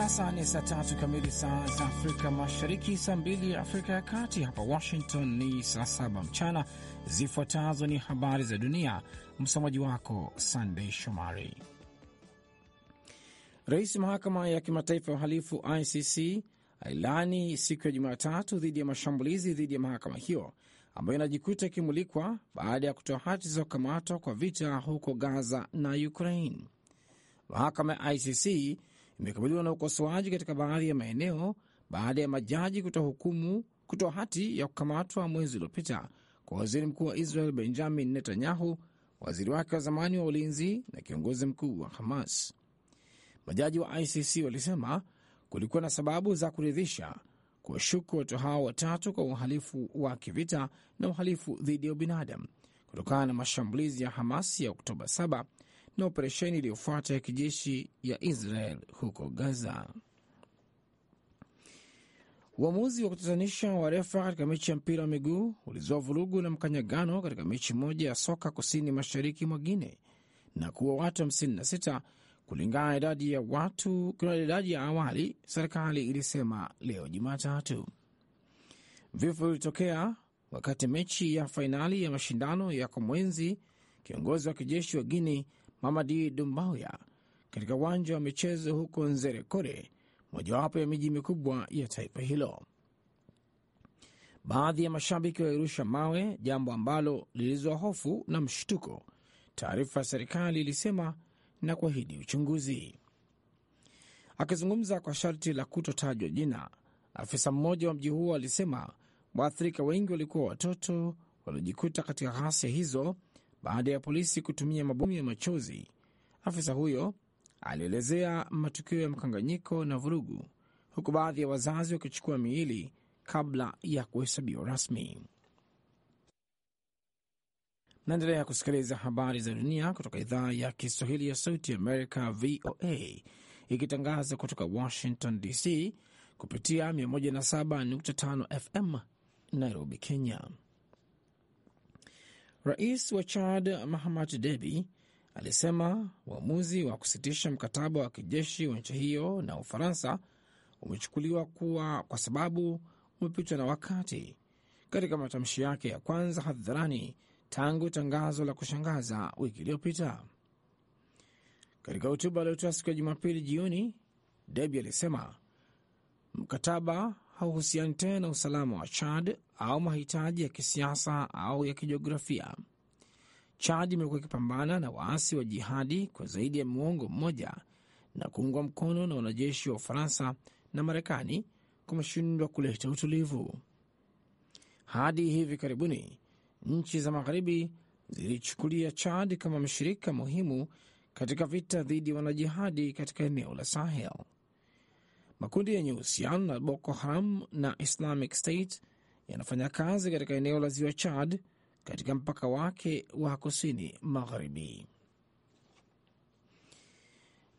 sasa ni saa tatu kamili saa za Afrika Mashariki, saa mbili Afrika ya Kati. Hapa Washington ni saa saba mchana. Zifuatazo ni habari za dunia, msomaji wako Sandei Shomari. Rais mahakama ya kimataifa ya uhalifu ICC ailani siku ya Jumatatu dhidi ya mashambulizi dhidi ya mahakama hiyo ambayo inajikuta ikimulikwa baada ya kutoa hati za kukamatwa kwa vita huko Gaza na Ukraine. Mahakama ya ICC imekabiliwa na ukosoaji katika baadhi ya maeneo baada ya majaji kutoa hukumu kutoa hati ya kukamatwa mwezi uliopita kwa waziri mkuu wa Israel Benjamin Netanyahu, waziri wake wa zamani wa ulinzi na kiongozi mkuu wa Hamas. Majaji wa ICC walisema kulikuwa na sababu za kuridhisha kuwashuku watu hao watatu kwa uhalifu wa kivita na uhalifu dhidi ya ubinadamu kutokana na mashambulizi ya Hamas ya Oktoba 7 na operesheni iliyofuata ya kijeshi ya Israel huko Gaza. Uamuzi wa kutatanisha wa refa katika mechi ya mpira wa miguu ulizua vurugu na mkanyagano katika mechi moja ya soka kusini mashariki mwa guine na kuwa watu 56 kulingana na idadi ya watu kuna idadi ya awali, serikali ilisema leo Jumatatu. Vifo vilitokea wakati mechi ya fainali ya mashindano ya kumwenzi kiongozi wa kijeshi wa Guinea Mamadi dumbawya katika uwanja wa michezo huko Nzerekore, mojawapo ya miji mikubwa ya taifa hilo. Baadhi ya mashabiki walirusha mawe, jambo ambalo lilizua hofu na mshtuko, taarifa ya serikali ilisema na kuahidi uchunguzi. Akizungumza kwa sharti la kutotajwa jina, afisa mmoja wa mji huo alisema waathirika wengi walikuwa watoto waliojikuta katika ghasia hizo baada ya polisi kutumia mabomu ya machozi. Afisa huyo alielezea matukio ya mkanganyiko na vurugu, huku baadhi ya wazazi wakichukua miili kabla ya kuhesabiwa rasmi. Naendelea kusikiliza habari za dunia kutoka idhaa ya Kiswahili ya Sauti Amerika, VOA, ikitangaza kutoka Washington DC kupitia 107.5 FM Nairobi, Kenya. Rais wa Chad Mahamat debi alisema uamuzi wa kusitisha mkataba wa kijeshi wa nchi hiyo na Ufaransa umechukuliwa kuwa kwa sababu umepitwa na wakati, katika matamshi yake ya kwanza hadharani tangu tangazo la kushangaza wiki iliyopita. Katika hotuba aliyotoa siku ya Jumapili jioni, debi alisema mkataba hauhusiani tena na usalama wa Chad au mahitaji ya kisiasa au ya kijiografia. Chad imekuwa ikipambana na waasi wa jihadi kwa zaidi ya muongo mmoja na kuungwa mkono na wanajeshi wa Ufaransa na Marekani kumeshindwa kuleta utulivu. Hadi hivi karibuni, nchi za magharibi zilichukulia Chad kama mshirika muhimu katika vita dhidi ya wanajihadi katika eneo la Sahel. Makundi yenye uhusiano na Boko Haram na Islamic State yanafanya kazi katika eneo la ziwa Chad katika mpaka wake wa kusini magharibi.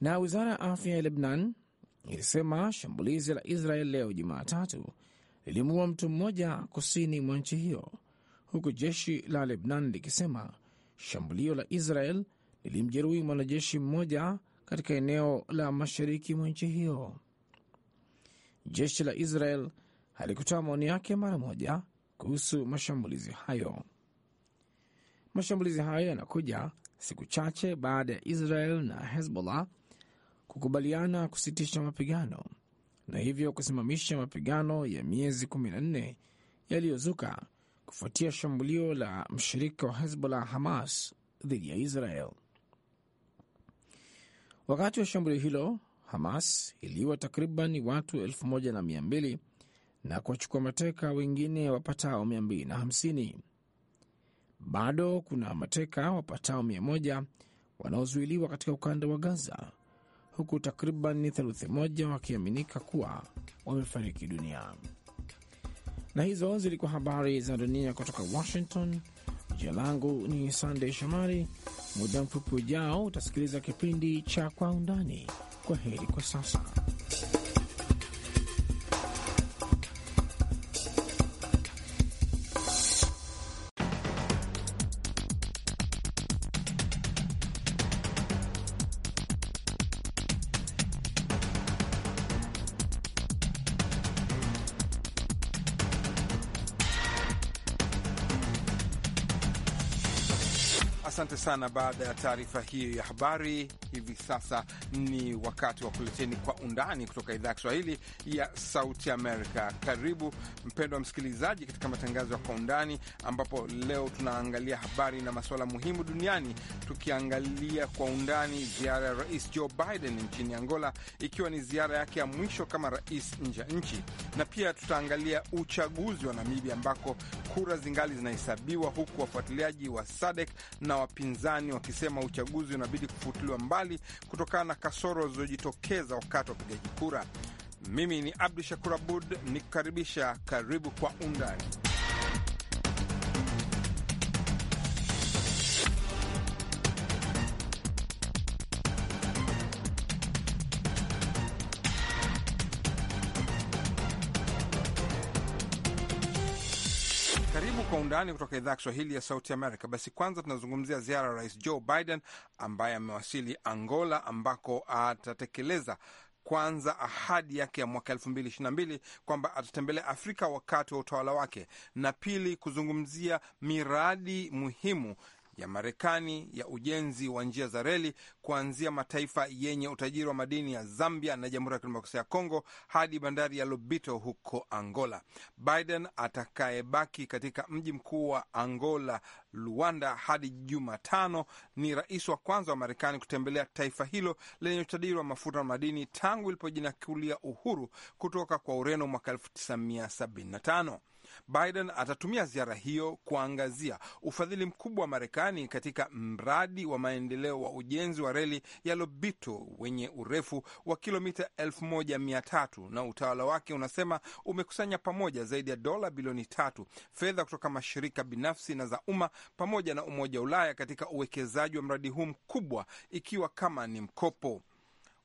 Na wizara ya afya ya Lebnan ilisema shambulizi la Israel leo Jumatatu lilimuua mtu mmoja kusini mwa nchi hiyo, huku jeshi la Lebnan likisema shambulio la Israel lilimjeruhi mwanajeshi mmoja katika eneo la mashariki mwa nchi hiyo jeshi la Israel halikutoa maoni yake mara moja kuhusu mashambulizi hayo. Mashambulizi hayo yanakuja siku chache baada ya Israel na Hezbollah kukubaliana kusitisha mapigano na hivyo kusimamisha mapigano ya miezi 14 yaliyozuka kufuatia shambulio la mshirika wa Hezbollah Hamas dhidi ya Israel. Wakati wa shambulio hilo Hamas iliua takriban watu 120 na na kuwachukua mateka wengine wapatao 250. Bado kuna mateka wapatao 100 wanaozuiliwa katika ukanda wa Gaza, huku takriban theluthi moja wakiaminika kuwa wamefariki dunia. Na hizo zilikuwa habari za dunia kutoka Washington. Jina langu ni Sandey Shomari. Muda mfupi ujao utasikiliza kipindi cha Kwa Undani kwa heri kwa sasa. Asante sana. Baada ya taarifa hiyo ya habari, hivi sasa ni wakati wa kuleteni kwa undani kutoka idhaa ya Kiswahili ya Sauti Amerika. Karibu mpendwa msikilizaji, katika matangazo ya kwa undani, ambapo leo tunaangalia habari na masuala muhimu duniani, tukiangalia kwa undani ziara ya Rais Joe Biden nchini Angola, ikiwa ni ziara yake ya mwisho kama rais nje ya nchi, na pia tutaangalia uchaguzi wa Namibia ambako kura zingali zinahesabiwa, huku wafuatiliaji wa SADC na wapinzani wakisema uchaguzi unabidi kufutiliwa mbali mbalimbali kutokana na kasoro zilizojitokeza wakati wa upigaji kura. Mimi ni Abdu Shakur Abud nikukaribisha, karibu kwa undani undani kutoka idhaa ya Kiswahili ya Sauti Amerika. Basi kwanza tunazungumzia ziara ya Rais Joe Biden ambaye amewasili Angola, ambako atatekeleza kwanza ahadi yake ya mwaka elfu mbili ishirini na mbili kwamba atatembelea Afrika wakati wa utawala wake, na pili kuzungumzia miradi muhimu ya Marekani ya ujenzi wa njia za reli kuanzia mataifa yenye utajiri wa madini ya Zambia na Jamhuri ya Kidemokrasia ya Kongo hadi bandari ya Lobito huko Angola. Biden atakayebaki katika mji mkuu wa Angola, Luanda, hadi Jumatano ni rais wa kwanza wa Marekani kutembelea taifa hilo lenye utajiri wa mafuta na madini tangu ilipojinakulia uhuru kutoka kwa Ureno mwaka 1975. Biden atatumia ziara hiyo kuangazia ufadhili mkubwa wa Marekani katika mradi wa maendeleo wa ujenzi wa reli ya Lobito wenye urefu wa kilomita 1300 na utawala wake unasema umekusanya pamoja zaidi ya dola bilioni tatu, fedha kutoka mashirika binafsi na za umma pamoja na Umoja wa Ulaya katika uwekezaji wa mradi huu mkubwa, ikiwa kama ni mkopo.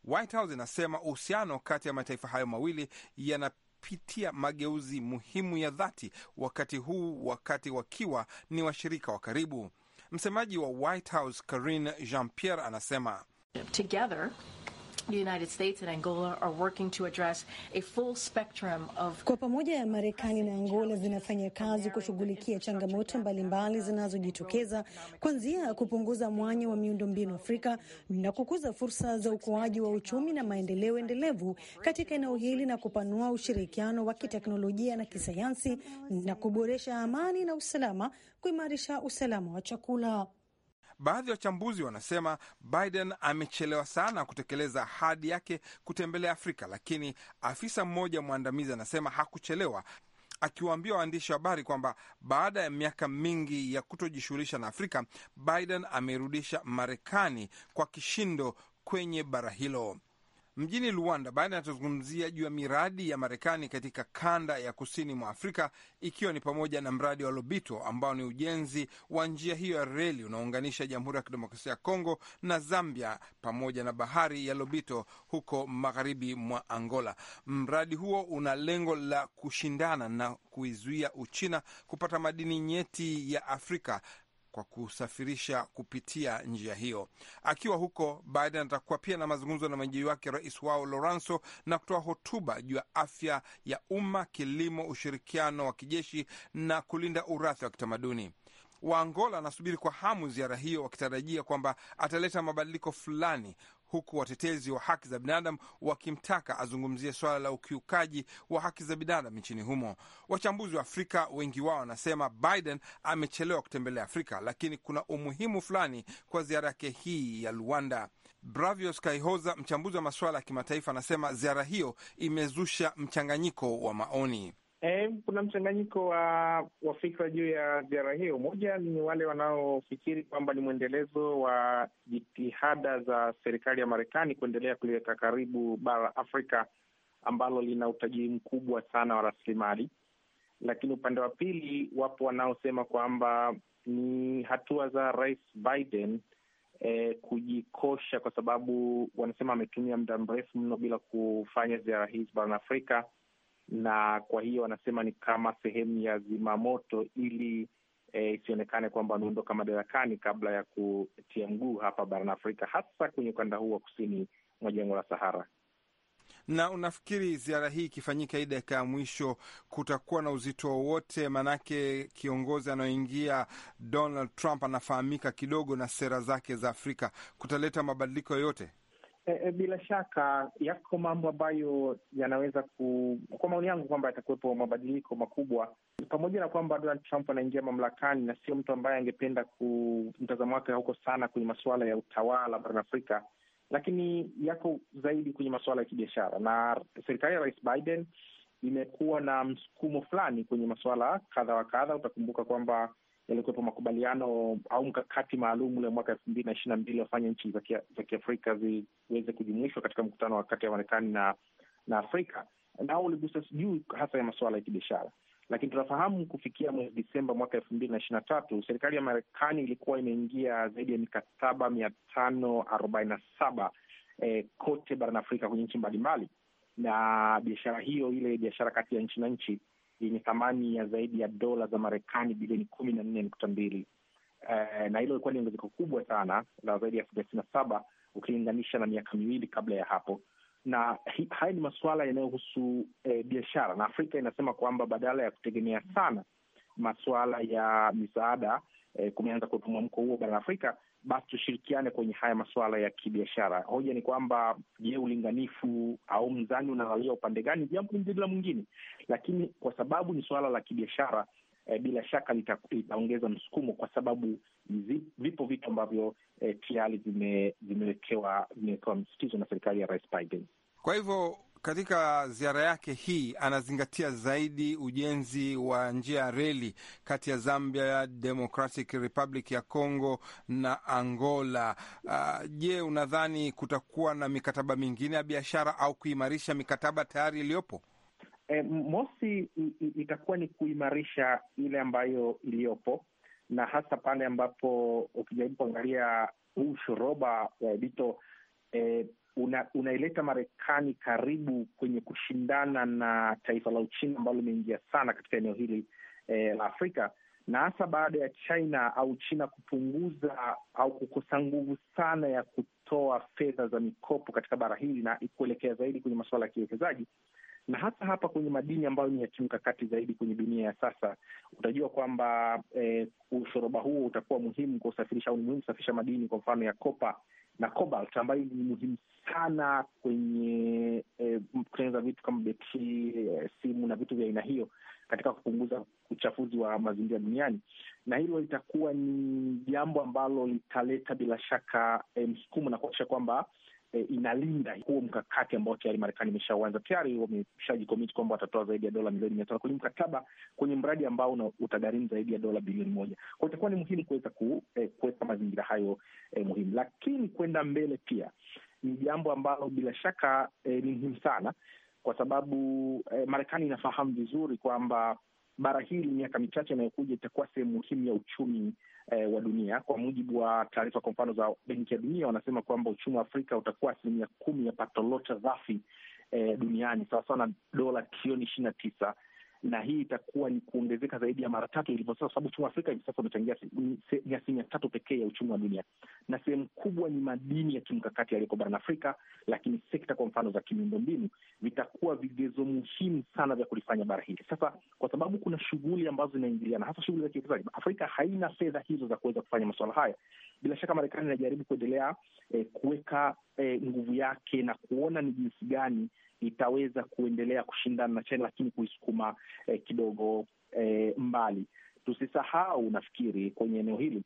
White House inasema uhusiano kati ya mataifa hayo mawili yana kupitia mageuzi muhimu ya dhati wakati huu, wakati wakiwa ni washirika wa karibu. Msemaji wa White House Karine Jean-Pierre anasema Together, The United States and Angola are working to address a full spectrum of... Kwa pamoja Marekani na Angola zinafanya kazi kushughulikia changamoto mbalimbali zinazojitokeza kuanzia kupunguza mwanya wa miundombinu Afrika na kukuza fursa za ukuaji wa uchumi na maendeleo endelevu katika eneo hili na kupanua ushirikiano wa kiteknolojia na kisayansi na kuboresha amani na usalama, kuimarisha usalama wa chakula. Baadhi ya wachambuzi wanasema Biden amechelewa sana kutekeleza ahadi yake kutembelea Afrika, lakini afisa mmoja mwandamizi anasema hakuchelewa, akiwaambia waandishi wa habari kwamba baada ya miaka mingi ya kutojishughulisha na Afrika, Biden amerudisha Marekani kwa kishindo kwenye bara hilo mjini Luanda baada ya juu ya miradi ya Marekani katika kanda ya kusini mwa Afrika, ikiwa ni pamoja na mradi wa Lobito ambao ni ujenzi wa njia hiyo ya reli unaounganisha Jamhuri ya Kidemokrasia ya Kongo na Zambia pamoja na bahari ya Lobito huko magharibi mwa Angola. Mradi huo una lengo la kushindana na kuizuia Uchina kupata madini nyeti ya Afrika kwa kusafirisha kupitia njia hiyo. Akiwa huko, Biden atakuwa pia na mazungumzo na mwenyeji wake rais wao Lorenzo na kutoa hotuba juu ya afya ya umma, kilimo, ushirikiano wa kijeshi na kulinda urathi wa kitamaduni. Waangola anasubiri kwa hamu ziara hiyo, wakitarajia kwamba ataleta mabadiliko fulani huku watetezi wa haki za binadamu wakimtaka azungumzie swala la ukiukaji wa haki za binadamu nchini humo. Wachambuzi wa Afrika wengi wao wanasema Biden amechelewa kutembelea Afrika, lakini kuna umuhimu fulani kwa ziara yake hii ya Luanda. Bravios Kaihoza, mchambuzi wa masuala ya kimataifa, anasema ziara hiyo imezusha mchanganyiko wa maoni. E, kuna mchanganyiko wa, wa fikra juu ya ziara hiyo. Moja ni wale wanaofikiri kwamba ni mwendelezo wa jitihada za serikali ya Marekani kuendelea kuliweka karibu bara Afrika ambalo lina utajiri mkubwa sana wa rasilimali, lakini upande wa pili wapo wanaosema kwamba ni hatua za Rais Biden eh, kujikosha kwa sababu wanasema ametumia muda mrefu mno bila kufanya ziara hizi barani Afrika na kwa hiyo wanasema ni kama sehemu ya zimamoto ili e, isionekane kwamba wameondoka madarakani kabla ya kutia mguu hapa barani Afrika, hasa kwenye ukanda huu wa kusini mwa jengo la Sahara. Na unafikiri ziara hii ikifanyika hii dakika ya mwisho kutakuwa na uzito wowote? Maanake kiongozi anayoingia Donald Trump anafahamika kidogo na sera zake za Afrika, kutaleta mabadiliko yoyote? E, e, bila shaka yako mambo ambayo yanaweza ku, kwa maoni yangu kwamba yatakuwepo mabadiliko makubwa, pamoja na kwamba Donald Trump anaingia mamlakani na sio mtu ambaye angependa ku, mtazamo wake hauko sana kwenye masuala ya utawala barani Afrika, lakini yako zaidi kwenye masuala ya kibiashara, na serikali ya Rais Biden imekuwa na msukumo fulani kwenye masuala kadha wa kadha. Utakumbuka kwamba yalikuwepo makubaliano au mkakati maalum ule mwaka elfu mbili na ishiri na mbili wafanya nchi za kiafrika ziweze kujumuishwa katika mkutano wa kati ya Marekani na na Afrika, nao uligusa juu hasa ya masuala ya kibiashara. Lakini tunafahamu kufikia mwezi Disemba mwaka elfu mbili na ishiri na tatu serikali ya Marekani ilikuwa imeingia zaidi ya mikataba mia tano arobaini na saba eh, kote barani Afrika kwenye nchi mbalimbali, na biashara hiyo ile biashara kati ya nchi na nchi yenye thamani ya zaidi ya dola za Marekani bilioni kumi na nne nukta mbili eh, na hilo ilikuwa ni ongezeko kubwa sana la zaidi ya asilimia sitini na saba ukilinganisha na miaka miwili kabla ya hapo na haya ni masuala yanayohusu eh, biashara na Afrika inasema kwamba badala ya kutegemea sana masuala ya misaada eh, kumeanza kuwepo mwamko huo barani Afrika basi tushirikiane kwenye haya masuala ya kibiashara. Hoja ni kwamba, je, ulinganifu au mzani unalalia upande gani? Jambo mjadala mwingine, lakini kwa sababu ni suala la kibiashara eh, bila shaka litaongeza msukumo, kwa sababu vipo vitu ambavyo eh, tayari vimewekewa msitizo na serikali ya Rais Biden. Kwa hivyo katika ziara yake hii anazingatia zaidi ujenzi wa njia ya reli kati ya Zambia, Democratic Republic ya Congo na Angola. Uh, je, unadhani kutakuwa na mikataba mingine ya biashara au kuimarisha mikataba tayari iliyopo? E, mosi itakuwa ni kuimarisha ile ambayo iliyopo na hasa pale ambapo ukijaribu kuangalia ushoroba wa Ebito, e, una, unaileta Marekani karibu kwenye kushindana na taifa la Uchina ambalo limeingia sana katika eneo hili eh, la Afrika na hasa baada ya China au China kupunguza au kukosa nguvu sana ya kutoa fedha za mikopo katika bara hili na kuelekea zaidi kwenye masuala ya kiwekezaji na hasa hapa kwenye madini ambayo ni ya kimkakati zaidi kwenye dunia ya sasa. Utajua kwamba eh, ushoroba huo utakuwa muhimu kwa usafirisha au ni muhimu kusafirisha madini kwa mfano ya kopa na cobalt ambayo ni muhimu sana kwenye eh, kutengeneza vitu kama betri, eh, simu na vitu vya aina hiyo, katika kupunguza uchafuzi wa mazingira duniani, na hilo litakuwa ni jambo ambalo litaleta bila shaka msukumu eh, msukumo na kuakisha kwamba e, inalinda huo mkakati ambao tayari Marekani imeshauanza. Tayari wameshajikomiti kwamba watatoa zaidi ya dola milioni mia tano kwenye mkataba, kwenye mradi ambao utagharimu zaidi ya dola bilioni moja. Kwa itakuwa ni muhimu kuweza eh, kuweka e, mazingira hayo e, muhimu, lakini kwenda mbele pia ni jambo ambalo bila shaka e, ni muhimu sana kwa sababu eh, Marekani inafahamu vizuri kwamba bara hili miaka michache inayokuja itakuwa sehemu muhimu ya uchumi eh, wa dunia. Kwa mujibu wa taarifa kwa mfano za Benki ya Dunia, wanasema kwamba uchumi wa Afrika utakuwa asilimia kumi ya pato lote ghafi eh, duniani sawasawa na dola trilioni ishirini na tisa na hii itakuwa ni kuongezeka zaidi ya mara tatu ilivyo sasa, sababu uchumi wa Afrika hivi sasa unachangia ni asilimia tatu pekee ya uchumi wa dunia, na sehemu kubwa ni madini ya kimkakati yaliyoko barani Afrika. Lakini sekta kwa mfano za kimiundo mbinu vitakuwa vigezo muhimu sana vya kulifanya bara hili. Sasa kwa sababu kuna shughuli ambazo zinaingiliana, hasa shughuli za kiwekezaji, Afrika haina fedha hizo za kuweza kufanya masuala haya, bila shaka Marekani inajaribu kuendelea eh, kuweka eh, nguvu yake na kuona ni jinsi gani itaweza kuendelea kushindana na China, lakini kuisukuma eh, kidogo eh, mbali. Tusisahau, nafikiri kwenye eneo hili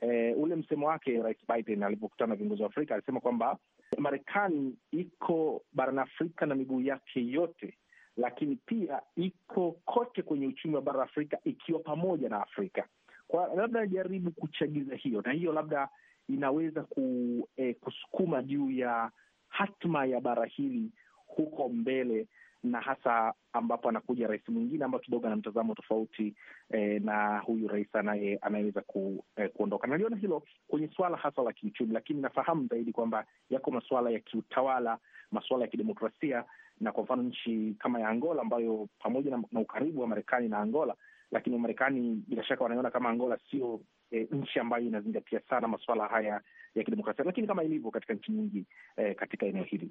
eh, ule msemo wake Rais Biden alipokutana na viongozi wa Afrika alisema kwamba Marekani iko barani Afrika na miguu yake yote lakini pia iko kote kwenye uchumi wa bara la Afrika ikiwa pamoja na Afrika kwa labda jaribu kuchagiza hiyo, na hiyo labda inaweza ku, eh, kusukuma juu ya hatma ya bara hili huko mbele, na hasa ambapo anakuja rais mwingine ambayo kidogo ana mtazamo tofauti eh, na huyu rais anaye anayeweza ku, eh, kuondoka. Naliona hilo kwenye suala hasa la kiuchumi, lakini nafahamu zaidi kwamba yako masuala ya kiutawala, masuala ya kidemokrasia, na kwa mfano nchi kama ya Angola ambayo pamoja na, na ukaribu wa Marekani na Angola lakini Wamarekani bila shaka wanaiona kama Angola sio e, nchi ambayo inazingatia sana masuala haya ya kidemokrasia, lakini kama ilivyo katika nchi nyingi e, katika eneo hili.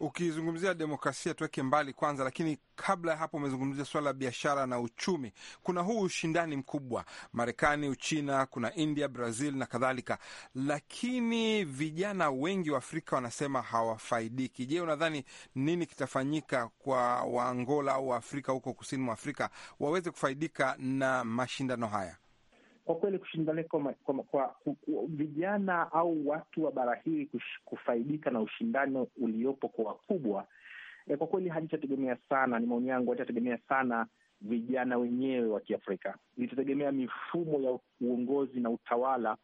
Ukizungumzia demokrasia tuweke mbali kwanza, lakini kabla ya hapo umezungumzia swala la biashara na uchumi. Kuna huu ushindani mkubwa Marekani, Uchina, kuna India, Brazil na kadhalika, lakini vijana wengi wa Afrika wanasema hawafaidiki. Je, unadhani nini kitafanyika kwa Waangola au Waafrika huko kusini mwa Afrika waweze kufaidika na mashindano haya? kwa kweli kushindania kwa, kwa, kwa vijana au watu wa bara hili kufaidika na ushindani uliopo kwa wakubwa e, kwa kweli hajitategemea sana, ni maoni yangu, halitategemea sana vijana wenyewe wa Kiafrika, litategemea mifumo ya uongozi na utawala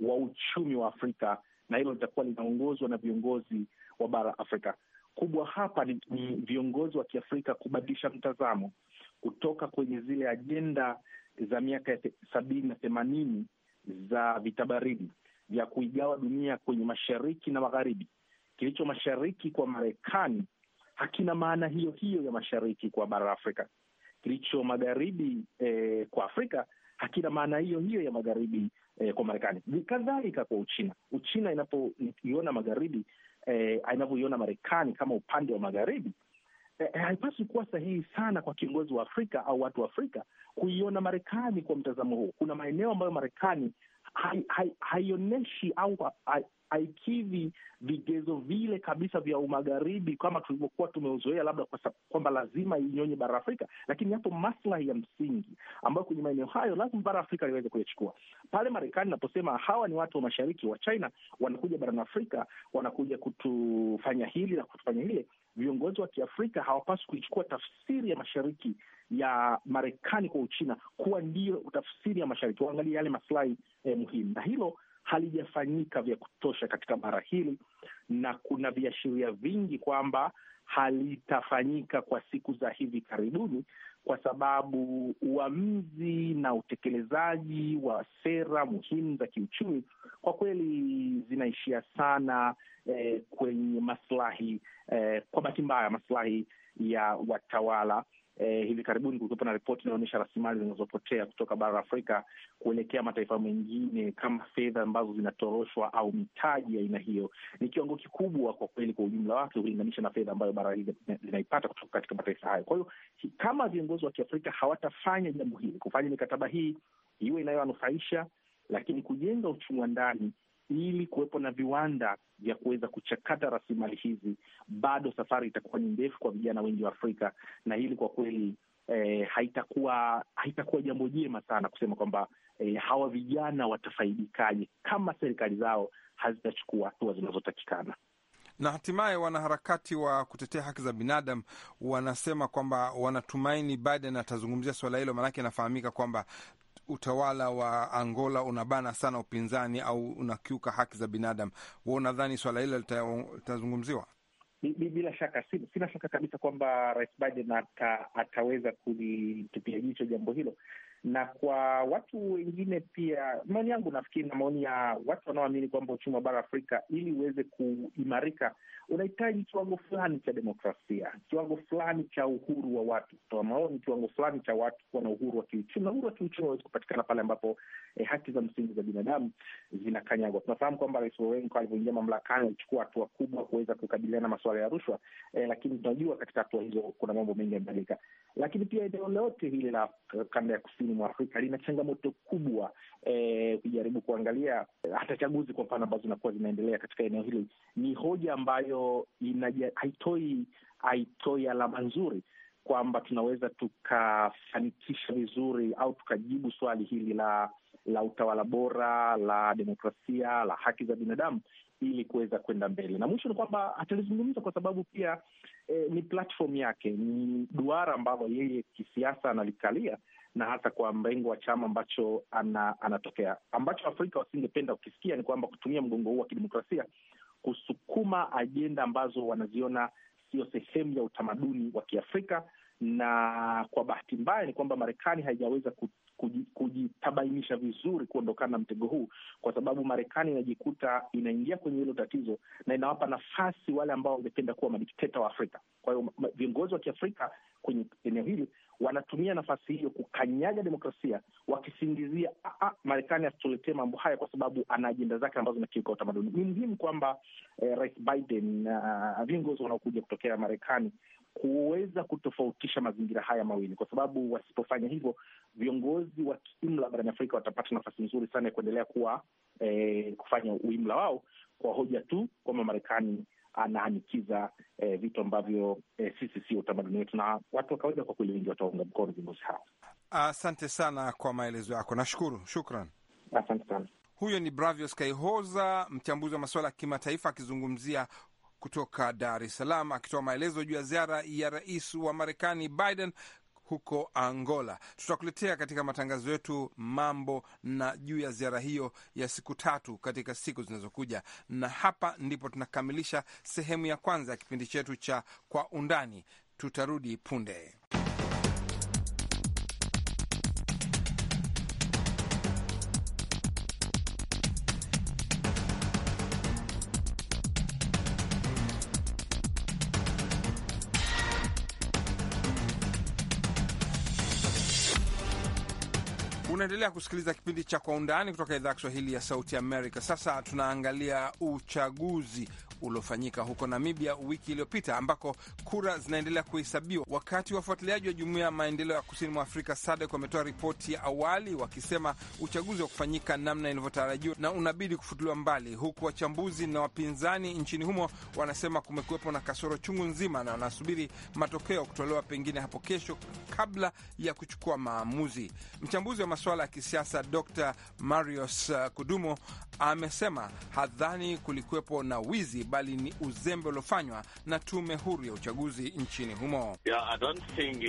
wa uchumi wa Afrika, na hilo litakuwa linaongozwa na viongozi wa bara Afrika. Kubwa hapa ni, ni viongozi wa Kiafrika kubadilisha mtazamo kutoka kwenye zile ajenda za miaka ya sabini na themanini za vita baridi vya kuigawa dunia kwenye mashariki na magharibi. Kilicho mashariki kwa Marekani hakina maana hiyo hiyo ya mashariki kwa bara la Afrika. Kilicho magharibi eh, kwa Afrika hakina maana hiyo hiyo ya magharibi eh, kwa Marekani. Kadhalika kwa Uchina. Uchina inapoiona magharibi eh, inavyoiona Marekani kama upande wa magharibi Eh, eh, haipaswi kuwa sahihi sana kwa kiongozi wa Afrika au watu wa Afrika kuiona Marekani kwa mtazamo huu. Kuna maeneo ambayo Marekani haionyeshi hai, hai au haikidhi vigezo vile kabisa vya umagharibi kama tulivyokuwa tumeuzoea, labda kwamba lazima inyonye bara Afrika, lakini yapo maslahi ya msingi ambayo kwenye maeneo hayo lazima bara Afrika liweze kuyachukua. Pale Marekani naposema hawa ni watu wa mashariki wa China wanakuja barani Afrika, wanakuja kutufanya hili na kutufanya hile, viongozi wa Kiafrika hawapaswi kuichukua tafsiri ya mashariki ya Marekani kwa Uchina kuwa ndiyo tafsiri ya mashariki, waangalie yale masilahi eh, muhimu, na hilo halijafanyika vya kutosha katika bara hili, na kuna viashiria vingi kwamba halitafanyika kwa siku za hivi karibuni, kwa sababu uamuzi na utekelezaji wa sera muhimu za kiuchumi kwa kweli zinaishia sana eh, kwenye maslahi eh, kwa bahati mbaya maslahi ya watawala eh, hivi karibuni kulikuwepo na ripoti inaonyesha rasilimali zinazopotea kutoka bara la Afrika kuelekea mataifa mengine kama fedha ambazo zinatoroshwa au mitaji ya aina hiyo. Ni kiwango kikubwa kwa kweli kwa ujumla wake ukilinganisha na fedha ambayo bara hili linaipata kutoka katika mataifa hayo. Kwa hiyo kama viongozi wa Kiafrika hawatafanya jambo hili, kufanya mikataba hii iwe inayowanufaisha, lakini kujenga uchumi wa ndani ili kuwepo na viwanda vya kuweza kuchakata rasilimali hizi, bado safari itakuwa ni ndefu kwa vijana wengi wa Afrika, na hili kwa kweli E, haitakuwa haitakuwa jambo jema sana kusema kwamba e, hawa vijana watafaidikaje kama serikali zao hazitachukua hatua zinazotakikana. Na hatimaye wanaharakati wa kutetea haki za binadamu wanasema kwamba wanatumaini Biden atazungumzia suala hilo, maanake inafahamika kwamba utawala wa Angola unabana sana upinzani au unakiuka haki za binadamu, wa unadhani swala hilo litazungumziwa? Bila shaka, sina shaka kabisa kwamba Rais Biden ata, ataweza kulitupia jicho jambo hilo, na kwa watu wengine pia, maoni yangu nafikiri na maoni ya watu wanaoamini kwamba uchumi wa bara Afrika ili uweze kuimarika unahitaji kiwango fulani cha demokrasia, kiwango fulani cha uhuru wa watu kutoa maoni, kiwango fulani cha watu kuwa na uhuru wa kiuchumi. Na uhuru wa kiuchumi unaweza kupatikana pale ambapo eh, haki za msingi za binadamu zinakanyagwa. Tunafahamu kwamba Rais Wawenko alivyoingia mamlakani alichukua hatua kubwa kuweza kukabiliana na masuala ya rushwa eh, lakini tunajua katika hatua hizo kuna mambo mengi yamebadilika, lakini pia eneo lote hili la eh, kanda ya kusini kusini mwa Afrika lina changamoto kubwa eh, ukijaribu e, kuangalia eh, hata chaguzi kwa mfano ambazo zinakuwa zinaendelea katika eneo hili. Ni hoja ambayo inaja, haitoi haitoi alama nzuri kwamba tunaweza tukafanikisha vizuri au tukajibu swali hili la la utawala bora, la demokrasia, la haki za binadamu ili kuweza kwenda mbele. Na mwisho ni kwamba atalizungumza kwa sababu pia eh, ni platform yake, ni duara ambalo yeye kisiasa analikalia na hasa kwa mrengo wa chama ambacho ana, anatokea. Ambacho Afrika wasingependa kukisikia ni kwamba kutumia mgongo huu wa kidemokrasia kusukuma ajenda ambazo wanaziona sio sehemu ya utamaduni wa Kiafrika, na kwa bahati mbaya ni kwamba Marekani haijaweza kujitabainisha vizuri kuondokana na mtego huu, kwa sababu Marekani inajikuta inaingia kwenye hilo tatizo na inawapa nafasi wale ambao wangependa kuwa madikteta wa Afrika. Kwa hiyo viongozi wa Kiafrika kwenye eneo hili wanatumia nafasi hiyo kukanyaga demokrasia, wakisingizia ah, ah, Marekani asituletee mambo haya kwa sababu ana ajenda zake ambazo zinakiuka utamaduni. Ni muhimu kwamba eh, Rais Biden na uh, viongozi wanaokuja kutokea Marekani kuweza kutofautisha mazingira haya mawili, kwa sababu wasipofanya hivyo viongozi wa kiimla barani Afrika watapata nafasi nzuri sana ya kuendelea kuwa eh, kufanya uimla wao kwa hoja tu kwamba Marekani anaanikiza eh, vitu ambavyo eh, sisi sio utamaduni wetu, na watu wa kawaida kwa kweli wengi wataunga mkono viongozi hao. Asante sana kwa maelezo yako, nashukuru. Shukran, asante sana. Huyo ni Bravio Skyhoza, mchambuzi wa masuala ya kimataifa akizungumzia kutoka Dar es Salaam akitoa maelezo juu ya ziara ya rais wa Marekani Biden huko Angola. Tutakuletea katika matangazo yetu mambo na juu ya ziara hiyo ya siku tatu katika siku zinazokuja. Na hapa ndipo tunakamilisha sehemu ya kwanza ya kipindi chetu cha Kwa Undani. Tutarudi punde. Unaendelea kusikiliza kipindi cha Kwa Undani kutoka idhaa ya Kiswahili ya Sauti Amerika. Sasa tunaangalia uchaguzi uliofanyika huko Namibia wiki iliyopita, ambako kura zinaendelea kuhesabiwa, wakati wafuatiliaji wa jumuiya ya maendeleo ya kusini mwa Afrika SADC wametoa ripoti ya awali wakisema uchaguzi wa kufanyika namna ilivyotarajiwa na unabidi kufutuliwa mbali, huku wachambuzi na wapinzani nchini humo wanasema kumekuwepo na kasoro chungu nzima na wanasubiri matokeo kutolewa pengine hapo kesho kabla ya kuchukua maamuzi. Mchambuzi wa masuala ya kisiasa Dr Marius uh, Kudumo amesema hadhani kulikuwepo na wizi, bali ni uzembe uliofanywa na tume huru ya uchaguzi nchini humo. Yeah, I don't think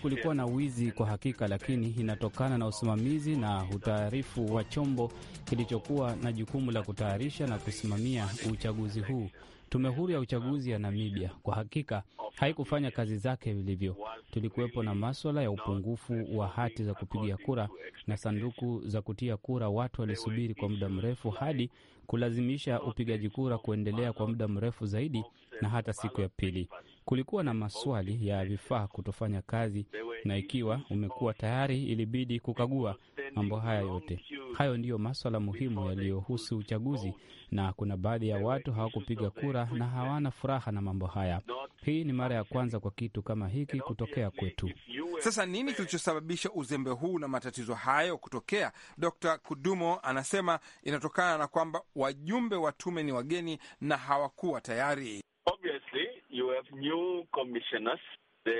kulikuwa na wizi kwa hakika, lakini inatokana na usimamizi na utaarifu wa chombo kilichokuwa na jukumu la kutayarisha na kusimamia uchaguzi huu. Tume huru ya uchaguzi ya Namibia kwa hakika haikufanya kazi zake vilivyo. Tulikuwepo na maswala ya upungufu wa hati za kupigia kura na sanduku za kutia kura. Watu walisubiri kwa muda mrefu hadi kulazimisha upigaji kura kuendelea kwa muda mrefu zaidi, na hata siku ya pili kulikuwa na maswali ya vifaa kutofanya kazi, na ikiwa umekuwa tayari, ilibidi kukagua mambo haya yote. Hayo ndiyo maswala muhimu yaliyohusu uchaguzi, na kuna baadhi ya watu hawakupiga kura na hawana furaha na mambo haya. Hii ni mara ya kwanza kwa kitu kama hiki kutokea kwetu. Sasa nini kilichosababisha uzembe huu na matatizo hayo kutokea? Dr. Kudumo anasema inatokana na kwamba wajumbe wa tume ni wageni na hawakuwa tayari. Obviously, you have new commissioners. The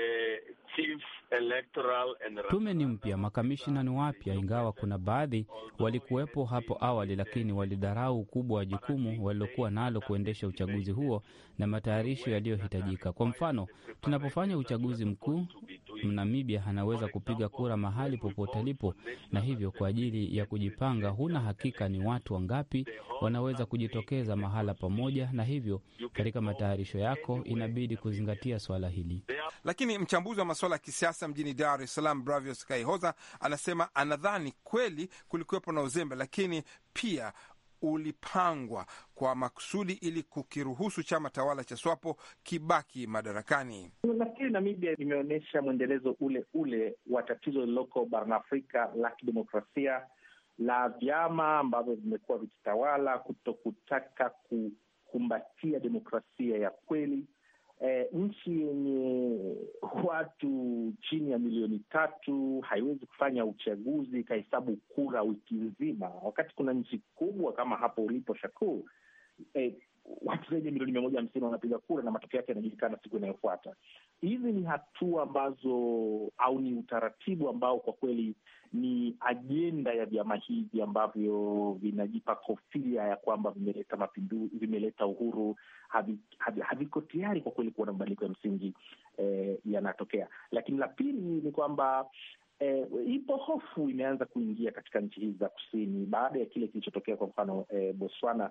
Tume ni mpya, makamishina ni wapya, ingawa kuna baadhi walikuwepo hapo awali, lakini walidharau ukubwa wa jukumu walilokuwa nalo kuendesha uchaguzi huo na matayarisho yaliyohitajika. Kwa mfano, tunapofanya uchaguzi mkuu Mnamibia anaweza kupiga kura mahali popote alipo, na hivyo kwa ajili ya kujipanga, huna hakika ni watu wangapi wanaweza kujitokeza mahala pamoja, na hivyo katika matayarisho yako inabidi kuzingatia swala hili. Lakini mchambuzi wa masuala ya kisiasa mjini Dar es Salaam, Bravios Kaihoza, anasema anadhani kweli kulikuwepo na uzembe, lakini pia ulipangwa kwa makusudi ili kukiruhusu chama tawala cha SWAPO kibaki madarakani. Nafikiri Namibia imeonyesha mwendelezo ule ule wa tatizo lililoko barani Afrika la kidemokrasia la vyama ambavyo vimekuwa vikitawala kuto kutaka kukumbatia demokrasia ya kweli eh, nchi yenye watu chini ya milioni tatu haiwezi kufanya uchaguzi ikahesabu kura wiki nzima, wakati kuna nchi kubwa kama hapo ulipo Shakuu, eh, watu zaidi ya milioni mia moja hamsini wanapiga kura na matokeo yake yanajulikana siku inayofuata. Hizi ni hatua ambazo au ni utaratibu ambao kwa kweli ni ajenda ya vyama hivi ambavyo vinajipa kofia ya kwamba vimeleta mapinduzi, vimeleta uhuru, haviko havi, havi tayari kwa kweli kuona mabadiliko ya msingi eh, yanatokea. Lakini la pili ni kwamba Eh, ipo hofu imeanza kuingia katika nchi hizi za kusini baada ya kile kilichotokea kwa mfano eh, Botswana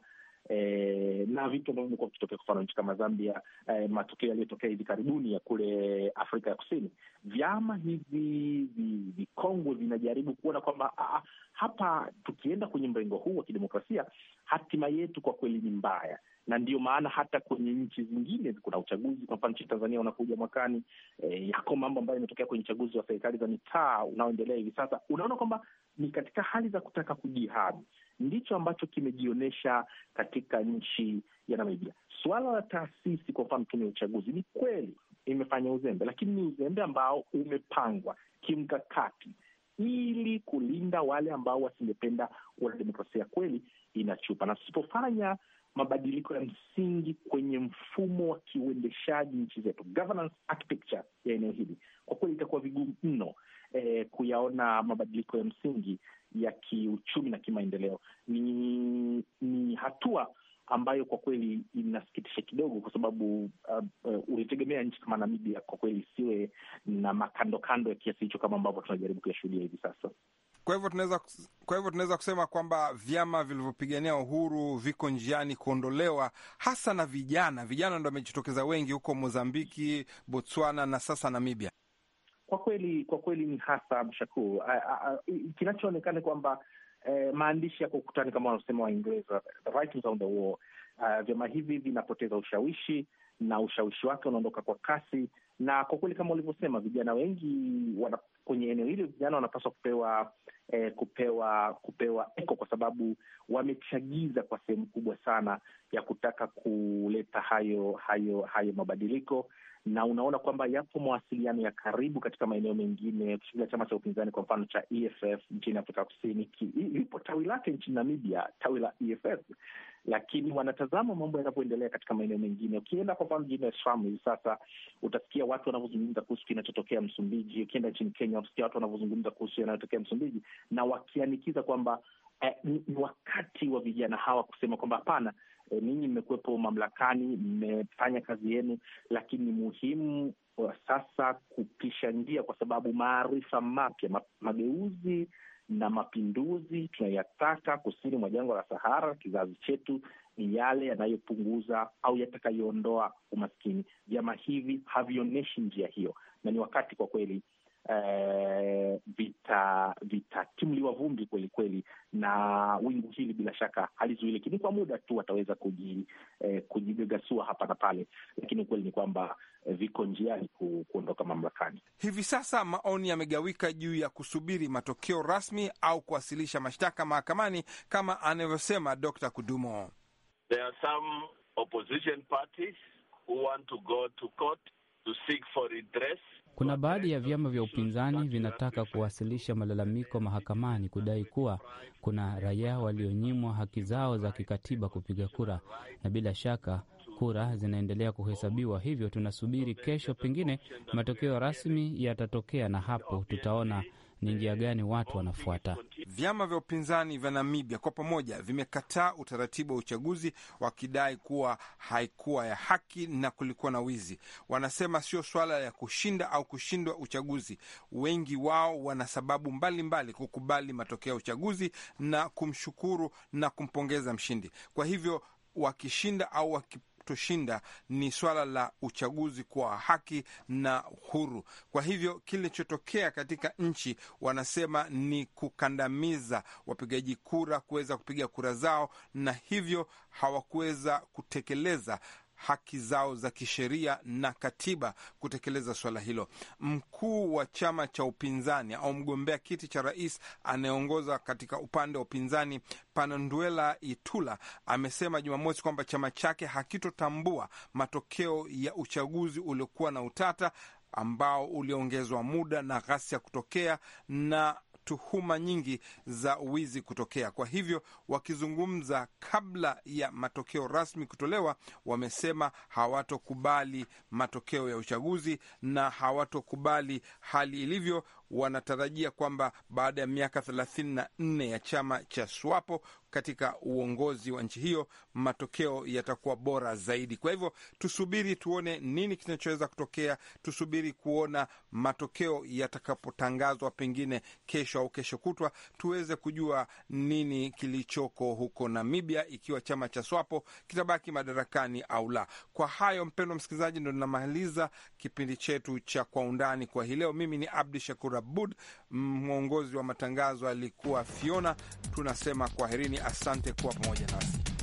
eh, na vitu ambavyo vimekuwa vikitokea, kwa mfano nchi kama Zambia, eh, matokeo yaliyotokea hivi karibuni ya kule Afrika ya Kusini, vyama hivi vikongwe vinajaribu kuona kwamba ah, ah, hapa tukienda kwenye mrengo huu wa kidemokrasia, hatima yetu kwa kweli ni mbaya na ndio maana hata kwenye nchi zingine kuna uchaguzi. Kwa mfano nchini Tanzania unakuja mwakani, e, yako mambo ambayo yametokea kwenye uchaguzi wa serikali za mitaa unaoendelea hivi sasa. Unaona kwamba ni katika hali za kutaka kujihami, ndicho ambacho kimejionyesha katika nchi ya Namibia. Suala la taasisi, kwa mfano tume ya uchaguzi, ni kweli imefanya uzembe, lakini ni uzembe ambao umepangwa kimkakati ili kulinda wale ambao wasingependa na demokrasia kweli inachupa, na tusipofanya mabadiliko ya msingi kwenye mfumo wa kiuendeshaji nchi zetu, governance architecture ya eneo hili, kwa kweli itakuwa vigumu mno eh, kuyaona mabadiliko ya msingi ya kiuchumi na kimaendeleo. Ni, ni hatua ambayo kwa kweli inasikitisha kidogo, kwa sababu uh, uh, ulitegemea nchi kama Namibia kwa kweli isiwe na makandokando ya kiasi hicho kama ambavyo tunajaribu kuyashuhudia hivi sasa. Kwa hivyo tunaweza kwa hivyo tunaweza kusema kwamba vyama vilivyopigania uhuru viko njiani kuondolewa, hasa na vijana. Vijana ndo wamejitokeza wengi huko Mozambiki, Botswana na sasa Namibia. Kwa kweli kwa kweli ni hasa mshakuu kinachoonekana kwamba eh, maandishi yako ukutani kama wanaosema Waingereza, Uh, vyama hivi vinapoteza ushawishi na ushawishi wake unaondoka kwa kasi, na kwa kweli kama ulivyosema, vijana wengi wana, kwenye eneo hili vijana wanapaswa kupewa eh, kupewa kupewa eko, kwa sababu wamechagiza kwa sehemu kubwa sana ya kutaka kuleta hayo hayo hayo mabadiliko na unaona kwamba yapo mawasiliano ya karibu katika maeneo mengine. Kushuhulia chama cha upinzani kwa mfano cha EFF nchini Afrika Kusini, lipo tawi lake nchini Namibia, tawi la EFF, lakini wanatazama mambo yanavyoendelea katika maeneo mengine. Ukienda kwa mfano mjini Dar hivi sasa, utasikia watu wanavyozungumza kuhusu kinachotokea Msumbiji. Ukienda nchini Kenya, utasikia watu wanavyozungumza kuhusu yanayotokea Msumbiji, na wakianikiza kwamba eh, ni wakati wa vijana hawa kusema kwamba hapana, e, ninyi mmekuwepo mamlakani, mmefanya kazi yenu, lakini ni muhimu eh, sasa kupisha njia, kwa sababu maarifa mapya mageuzi na mapinduzi tunayataka kusini mwa jangwa la Sahara, kizazi chetu ni yale yanayopunguza au yatakayoondoa umaskini. Vyama hivi havionyeshi njia hiyo, na ni wakati kwa kweli eh, vitatimuliwa vita vumbi kwelikweli, na wingu hili bila shaka halizuiliki. Ni kwa muda tu wataweza kuji, eh, kujigagasua hapa na pale, lakini ukweli ni kwamba eh, viko njiani ku, kuondoka mamlakani. Hivi sasa maoni yamegawika juu ya kusubiri matokeo rasmi au kuwasilisha mashtaka mahakamani kama anavyosema Dr. Kudumo. There are some opposition parties who want to go to court to seek for redress kuna baadhi ya vyama vya upinzani vinataka kuwasilisha malalamiko mahakamani kudai kuwa kuna raia walionyimwa haki zao za kikatiba kupiga kura, na bila shaka kura zinaendelea kuhesabiwa. Hivyo tunasubiri kesho, pengine matokeo rasmi yatatokea, na hapo tutaona ni njia gani watu wanafuata. Vyama vya upinzani vya Namibia kwa pamoja vimekataa utaratibu wa uchaguzi wakidai kuwa haikuwa ya haki na kulikuwa na wizi. Wanasema sio swala ya kushinda au kushindwa uchaguzi. Wengi wao wana sababu mbalimbali kukubali matokeo ya uchaguzi na kumshukuru na kumpongeza mshindi. Kwa hivyo wakishinda au wakip kutoshinda ni swala la uchaguzi kwa haki na huru. Kwa hivyo kilichotokea katika nchi wanasema ni kukandamiza wapigaji kura kuweza kupiga kura zao, na hivyo hawakuweza kutekeleza haki zao za kisheria na katiba kutekeleza swala hilo. Mkuu wa chama cha upinzani au mgombea kiti cha rais anayeongoza katika upande wa upinzani Pananduela Itula amesema Jumamosi kwamba chama chake hakitotambua matokeo ya uchaguzi uliokuwa na utata ambao uliongezwa muda na ghasia kutokea na tuhuma nyingi za wizi kutokea. Kwa hivyo wakizungumza kabla ya matokeo rasmi kutolewa, wamesema hawatokubali matokeo ya uchaguzi na hawatokubali hali ilivyo wanatarajia kwamba baada ya miaka thelathini na nne ya chama cha SWAPO katika uongozi wa nchi hiyo matokeo yatakuwa bora zaidi. Kwa hivyo tusubiri tuone nini kinachoweza kutokea, tusubiri kuona matokeo yatakapotangazwa, pengine kesho au kesho kutwa, tuweze kujua nini kilichoko huko Namibia, ikiwa chama cha SWAPO kitabaki madarakani au la. Kwa hayo, mpendwa msikilizaji, ndo ninamaliza kipindi chetu cha Kwa Undani kwa hii leo. Mimi ni Abdu Shakur Abud. Mwongozi wa matangazo alikuwa Fiona. Tunasema kwaherini, asante kuwa pamoja nasi.